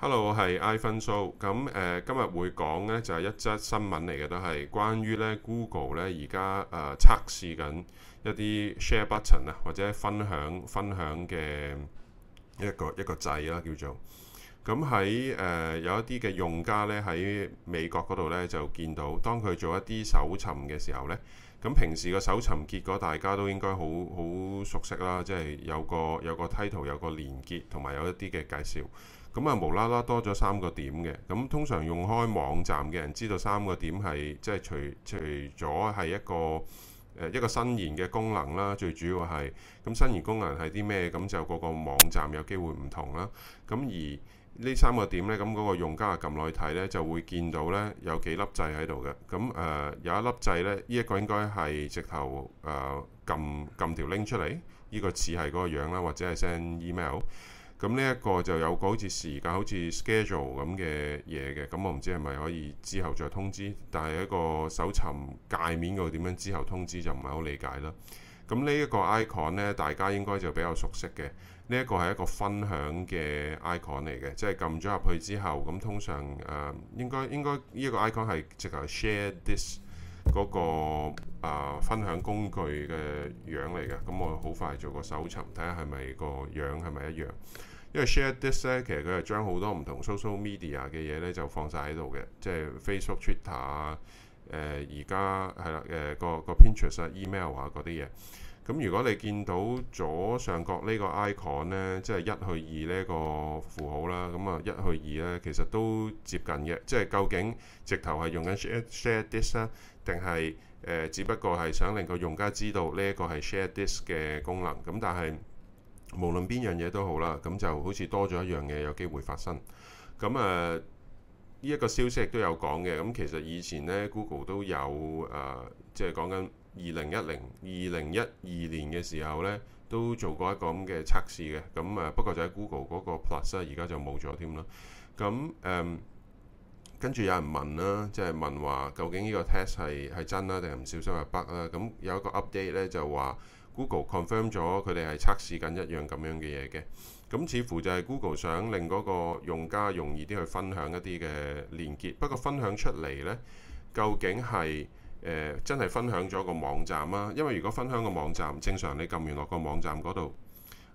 Hello，我係 iPhone Show 咁，誒，今日會講呢就係、是、一則新聞嚟嘅，都係關於呢 Google 呢而家誒測試緊一啲 Share Button 啊，或者分享分享嘅一個一個掣啦，叫做咁喺誒有一啲嘅用家呢喺美國嗰度呢，就見到，當佢做一啲搜尋嘅時候呢，咁平時個搜尋結果大家都應該好好熟悉啦，即、就、係、是、有個有個 title，有個連結，同埋有一啲嘅介紹。咁啊，無啦啦多咗三個點嘅，咁通常用開網站嘅人知道三個點係即係除除咗係一個誒、呃、一個新延嘅功能啦，最主要係咁新延功能係啲咩？咁就個個網站有機會唔同啦。咁而呢三個點呢，咁嗰個用家啊撳落去睇呢，就會見到呢有幾粒掣喺度嘅。咁誒、呃、有一粒掣呢，呢、這、一個應該係直頭誒撳撳條 link 出嚟，呢、這個似係嗰個樣啦，或者係 send email。咁呢一個就有個好似時間好似 schedule 咁嘅嘢嘅，咁我唔知係咪可以之後再通知，但係一個搜尋界面嗰度點樣之後通知就唔係好理解啦。咁呢一個 icon 咧，大家應該就比較熟悉嘅。呢、這、一個係一個分享嘅 icon 嚟嘅，即係撳咗入去之後，咁通常誒、呃、應該應該呢一個 icon 係直頭 share this。嗰、那個啊、呃、分享工具嘅樣嚟嘅，咁、嗯、我好快做個搜尋，睇下係咪個樣係咪一樣。因為 Share This 咧，其實佢係將好多唔同 social media 嘅嘢咧，就放晒喺度嘅，即係 Facebook、呃、Twitter 啊，誒而家係啦，誒、呃、個個 Pinterest 啊、email 啊嗰啲嘢。咁如果你見到左上角呢個 icon 呢，即係一去二呢一個符號啦，咁啊一去二呢，其實都接近嘅，即係究竟直頭係用緊 sh share share this 咧，定係誒只不過係想令個用家知道呢一個係 share this 嘅功能。咁但係無論邊樣嘢都好啦，咁就好似多咗一樣嘢有機會發生。咁啊呢一個消息亦都有講嘅。咁其實以前呢 Google 都有誒，即係講緊。就是二零一零、二零一二年嘅時候呢，都做過一個咁嘅測試嘅。咁誒，不過就喺 Google 嗰個 Plus，而、啊、家就冇咗添啦。咁誒，跟、嗯、住有人問啦、啊，即、就、係、是、問話究竟呢個 test 係係真啦，定係唔小心入 bug 啦？咁有一個 update 呢，就話 Google confirm 咗佢哋係測試緊一樣咁樣嘅嘢嘅。咁似乎就係 Google 想令嗰個用家容易啲去分享一啲嘅連結。不過分享出嚟呢，究竟係？誒、呃、真係分享咗個網站啦、啊，因為如果分享個網站，正常你撳完落個網站嗰度，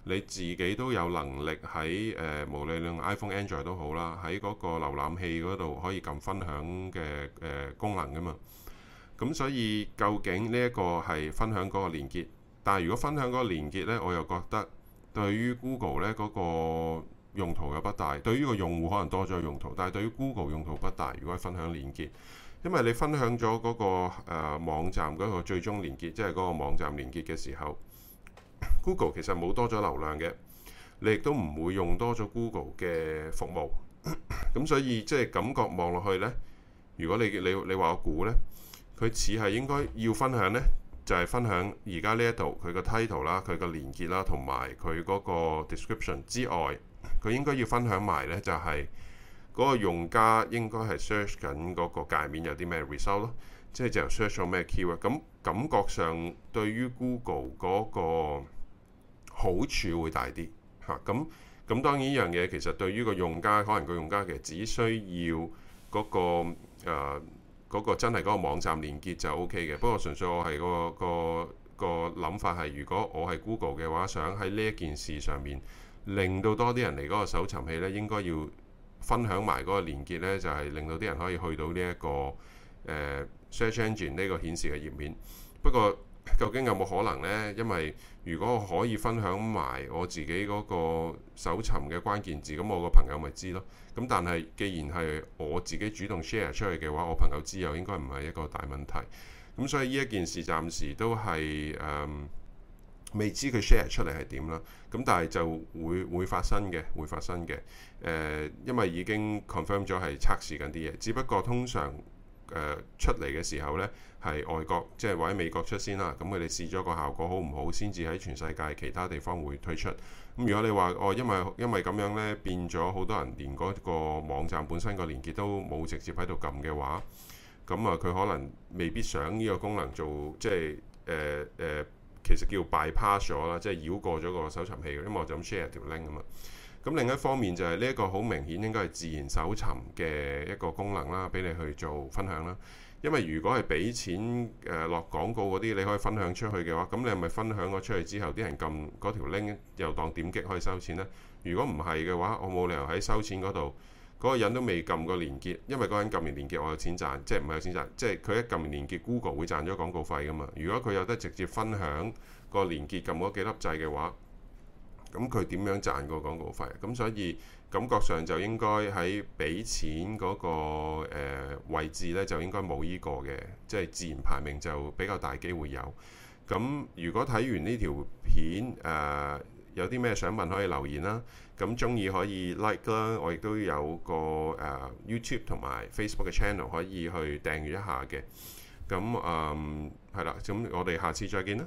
你自己都有能力喺誒、呃，無論用 iPhone、Android 都好啦，喺嗰個瀏覽器嗰度可以撳分享嘅誒、呃、功能噶嘛。咁所以究竟呢一個係分享嗰個連結，但係如果分享嗰個連結呢，我又覺得對於 Google 呢嗰、嗰個用途又不大，對於個用戶可能多咗用途，但係對於 Google 用途不大，如果分享連結。因為你分享咗嗰、嗰個誒、呃、網站嗰個最終連結，即係嗰個網站連結嘅時候，Google 其實冇多咗流量嘅，你亦都唔會用多咗 Google 嘅服務，咁所以即係、就係、感覺望落去呢，如果你你你話我估呢，佢似係應該要分享呢，就係、係、分享而家呢一度佢個 title 啦、佢個連結啦、同埋佢嗰個 description 之外，佢應該要分享埋呢、就係，就係。嗰個用家應該係 search 緊嗰個界面有啲咩 result 咯，即係就 search 咗咩 keyword。咁感覺上對於 Google 嗰個好處會大啲嚇。咁、啊、咁當然呢樣嘢其實對於個用家，可能個用家其實只需要嗰、嗰個誒、呃嗰個、真係嗰個網站連結就 O K 嘅。不過純粹我係、嗰個、嗰個、嗰個諗法係，如果我係 Google 嘅話，想喺呢一件事上面令到多啲人嚟嗰個搜尋器咧，應該要，分享埋嗰個連結呢，就係、是、令到啲人可以去到呢、這、一個誒、呃、search engine 呢個顯示嘅頁面。不過究竟有冇可能呢？因為如果我可以分享埋我自己嗰個搜尋嘅關鍵字，咁我個朋友咪知咯。咁但係既然係我自己主動 share 出去嘅話，我朋友知又應該唔係一個大問題。咁所以呢一件事暫時都係誒。嗯未知佢 share 出嚟係點啦，咁但係就會會發生嘅，會發生嘅。誒、呃，因為已經 confirm 咗係測試緊啲嘢，只不過通常誒、呃、出嚟嘅時候呢係外國，即係喺美國出先啦。咁佢哋試咗個效果好唔好，先至喺全世界其他地方會推出。咁、嗯、如果你話哦，因為因為咁樣呢變咗好多人連嗰個網站本身個連結都冇直接喺度撳嘅話，咁啊佢可能未必想呢個功能做，即係誒誒。呃呃其實叫「拜 pass」咗啦，即係繞過咗個搜尋器，因為我就咁 share 條 link 啊嘛。咁另一方面就係呢一個好明顯應該係自然搜尋嘅一個功能啦，俾你去做分享啦。因為如果係俾錢誒、呃、落廣告嗰啲，你可以分享出去嘅話，咁你係咪分享咗出去之後，啲人撳嗰條 link 又當點擊可以收錢咧？如果唔係嘅話，我冇理由喺收錢嗰度。嗰個人都未撳過連結，因為嗰個人撳完，完連結，我有錢賺，即係唔係有錢賺，即係佢一撳完連結，Google 會賺咗廣告費噶嘛。如果佢有得直接分享個連結撳嗰幾粒掣嘅話，咁佢點樣賺個廣告費？咁所以感覺上就應該喺俾錢嗰、嗰個、呃、位置呢，就應該冇呢個嘅，即係自然排名就比較大機會有。咁如果睇完呢條片啊～、呃有啲咩想問可以留言啦，咁中意可以 like 啦，我亦都有個誒 YouTube 同埋 Facebook 嘅 channel 可以去訂閱一下嘅，咁誒係啦，咁、嗯、我哋下次再見啦。